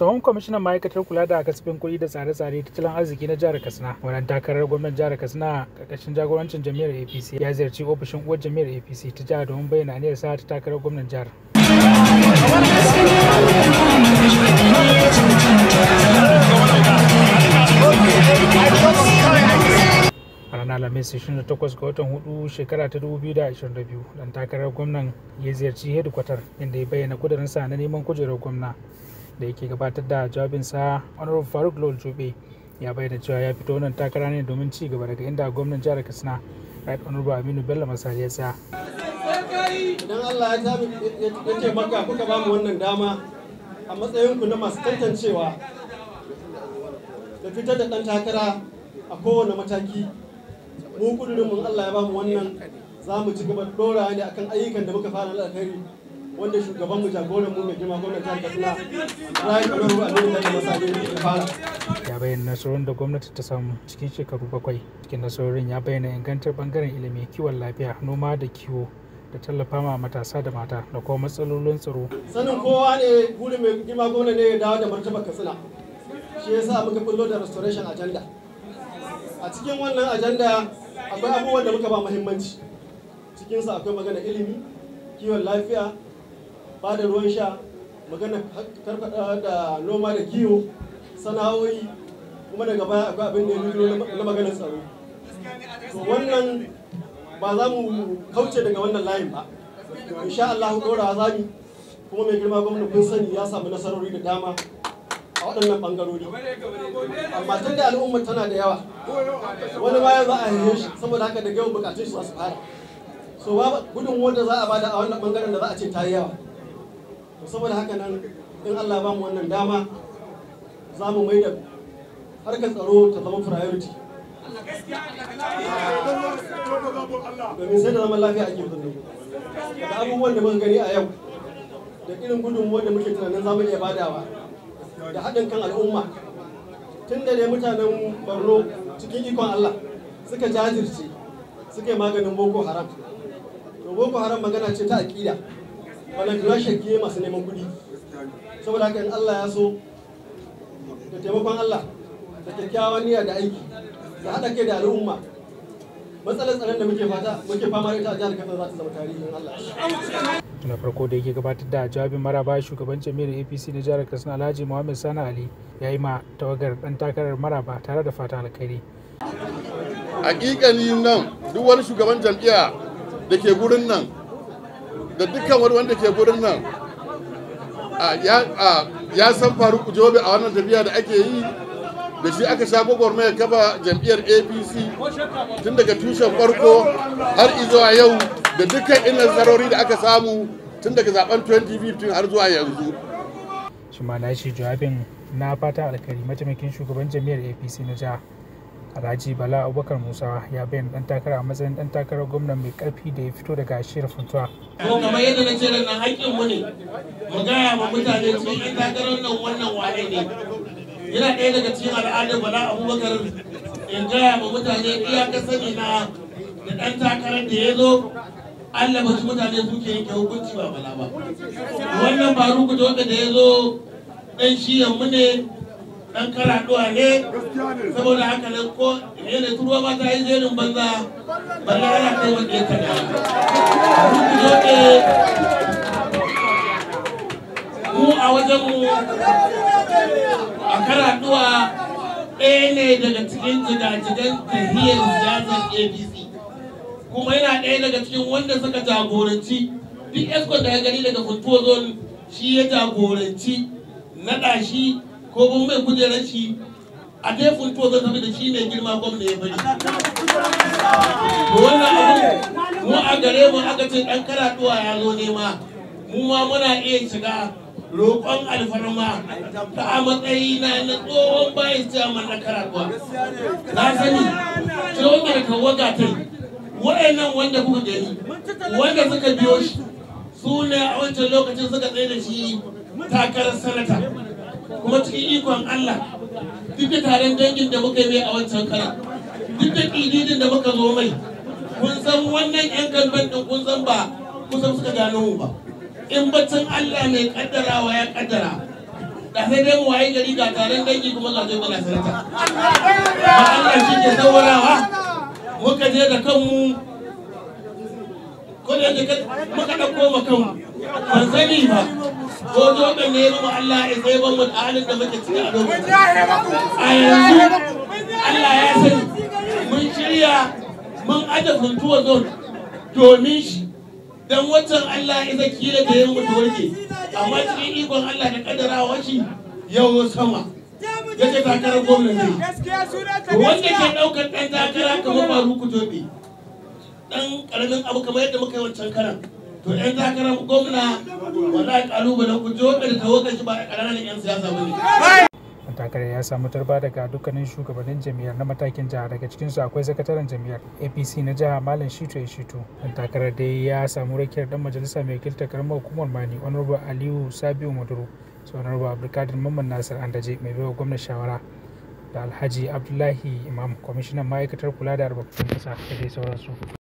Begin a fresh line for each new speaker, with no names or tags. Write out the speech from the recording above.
tsohon kwamishinan ma'aikatar kula da kasafin kuɗi da tsare-tsare tattalin arziki na jihar katsina wannan takarar gwamnan jihar katsina ƙarƙashin jagorancin jami'ar apc ya ziyarci ofishin uwar jami'ar apc ta jihar domin bayyana aniyar sa ta takarar gwamnan jihar a ranar alhamis 28 ga watan hudu shekara ta 2022 dan takarar gwamnan ya ziyarci hedikwatar inda ya bayyana kudurinsa na neman kujerar gwamna da yake gabatar da jawabinsa honorable faruk lol jube ya bayyana cewa ya fito wannan takara ne domin ci gaba daga inda gwamnan jihar katsina right honorable aminu bello masari ya tsaya
idan allah ya ce maka kuka ba mu
wannan dama a matsayinku na masu
tantancewa da fitar da ɗan takara a kowane mataki mu kudurin mun allah ya ba mu wannan za mu ci gaba da ɗora ne akan ayyukan da muka fara alkhairi wanda shugabanmu jagoran mu mai girma gwamnati jihar katsina rayu kwararru a nan da da ya fara
ya bayyana nasarorin da gwamnati ta samu cikin shekaru bakwai cikin nasarorin ya bayyana ingantar bangaren ilimi kiwon lafiya noma da kiwo da tallafa ma matasa da mata da kuma matsalolin tsaro sanin kowa ne
guri mai girma gwamnati ne ya dawo da martaba katsina shi yasa muka kullo da restoration agenda a cikin wannan agenda akwai abubuwan da muka ba muhimmanci cikinsa akwai magana ilimi kiwon lafiya bada ruwan sha magana karfada da noma da kiwo sana'o'i kuma daga baya akwai abin da ya biyo na maganar tsaro to wannan ba za mu kauce daga wannan layin ba insha Allah dora mu kuma mai girma gwamnati kun sani ya samu nasarori da dama a waɗannan ɓangarori amma tun da al'umma tana da yawa wani ma za a haihe shi saboda haka da yawan bukatun su za su fara so ba gudun wanda za a bada a wannan ɓangaren da za a ce ta yi yawa to saboda haka nan in Allah ba mu wannan dama za mu mai da harkar tsaro ta zama priority
domin sai da zaman lafiya ake
birni da abubuwan da muka gani a yau da irin gudunmuwar da muke tunanin zamu iya badawa da haɗin kan al'umma tun da ne mutanen borno cikin ikon allah suka jajirce suka yi maganin boko haram to boko haram magana ce ta aƙida wannan jira ne masu neman kuɗi saboda haka in Allah ya so da taimakon Allah da kyakkyawan niyya da aiki da haɗa kai da al'umma matsalar tsaron da muke fata muke fama ita a jihar Katsina za ta zama in Allah
na farko da yake gabatar da jawabin maraba shugaban jami'ar apc na jihar katsina alhaji muhammad sani ali ya yi ma tawagar dan takarar maraba tare da fata alkhairi
hakikani nan duk wani shugaban jam'iyya da ke gurin nan da dukkan wani wanda ke gurin nan ya san faru jobe a wannan tafiya da ake yi da shi aka sha gwagwarmayar kafa jam'iyyar apc tun daga tushen farko har zuwa yau da dukkan inan zarori da aka samu tun daga zaben 2015 har zuwa yanzu
shi ma na shi jawabin na fata alkari mataimakin shugaban jam'iyyar apc na jiha alhaji bala abubakar musa ya bayyana dan takara a matsayin dan takarar gwamnan mai karfi da ya fito daga shirin funtuwa ko
kamar yadda na ce da na haƙƙin mu ne mu gaya ma mutane cikin yan takarar nan wannan wane ne yana ɗaya daga cikin al'adar bala abubakar in gaya ma mutane iyakar sani na da ɗan takarar da ya zo Allah ba su mutane suke yanke hukunci ba bala ba wannan Faruku da wanda da ya zo ɗan shiyan mu ne dan karaduwa ne saboda haka nan ko ne da turuwa ba ta yi jerin banza balle ana kai wanda ya taga rubu joke mu a wajen mu a karaduwa ɗaya ne daga cikin jigajigan tahiyar siyasar abc kuma yana ɗaya daga cikin wanda suka jagoranci duk eskon da ya gani daga funtuwa zone shi ya jagoranci naɗa shi ko mun mai kujerar shi a dai to zai da shi ne girma gwamna ya bari
wannan abu mu a gare mu aka
ce dan karatuwa ya zo nema mu ma muna iya shiga roƙon alfarma ta a matsayi na na tsohon bayan amma na karatuwa na sani wanda da wagatar. wa'annan wanda kuka gani wanda suka biyo shi su ne a wancan lokacin suka tsaye da shi takarar sanata kuma cikin ikon Allah duk da taron dangin da muka yi a wancan kara duk da kididin da muka zo mai kun san wannan yan kalban din kun san ba kusan suka gano mu ba in baccin Allah mai kaddarawa ya kaddara da sai dai mu waye gari ga taron dangi kuma za ta yi mana sarata
Allah shi ke tawarawa?
muka je da kanmu ko da yake muka dauko mu kanmu ban sani ba Jojo ka nemi mu Allah ya tsaye ban mu da halin da muke ciki a lokacin. A yanzu Allah ya sani mun shirya mun aje funtuwa zone domin shi dan wancan Allah ya zaki da ya mutu warke amma cikin ikon Allah da kadarawa shi yau sama. Ya ce takarar gwamnati. Wanda ke ɗaukar ɗan takara kamar faru ku Jobi. Ɗan ƙaramin abu kamar yadda muka yi wancan karan. to yan takarar gwamna wallahi kalubalen ku je da ta wuka shi ba a ƙananan yan siyasa ba
ne takarar ya samu tarba daga dukkanin shugabannin jami'ar na matakin jiha daga cikinsu akwai sakataren jami'ar apc na jiha malam shitu ya shitu dan takarar dai ya samu rakiyar dan majalisa mai kilta karamar hukumar mani honorable aliyu sabiu maduro su honorable abdulkadir mamman nasir andaje mai baiwa gwamnan shawara da alhaji abdullahi imam kwamishinan ma'aikatar kula da albarkatun kasa da dai sauransu